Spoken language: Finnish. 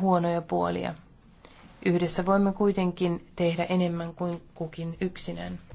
huonoja puolia. Yhdessä voimme kuitenkin tehdä enemmän kuin kukin yksinään.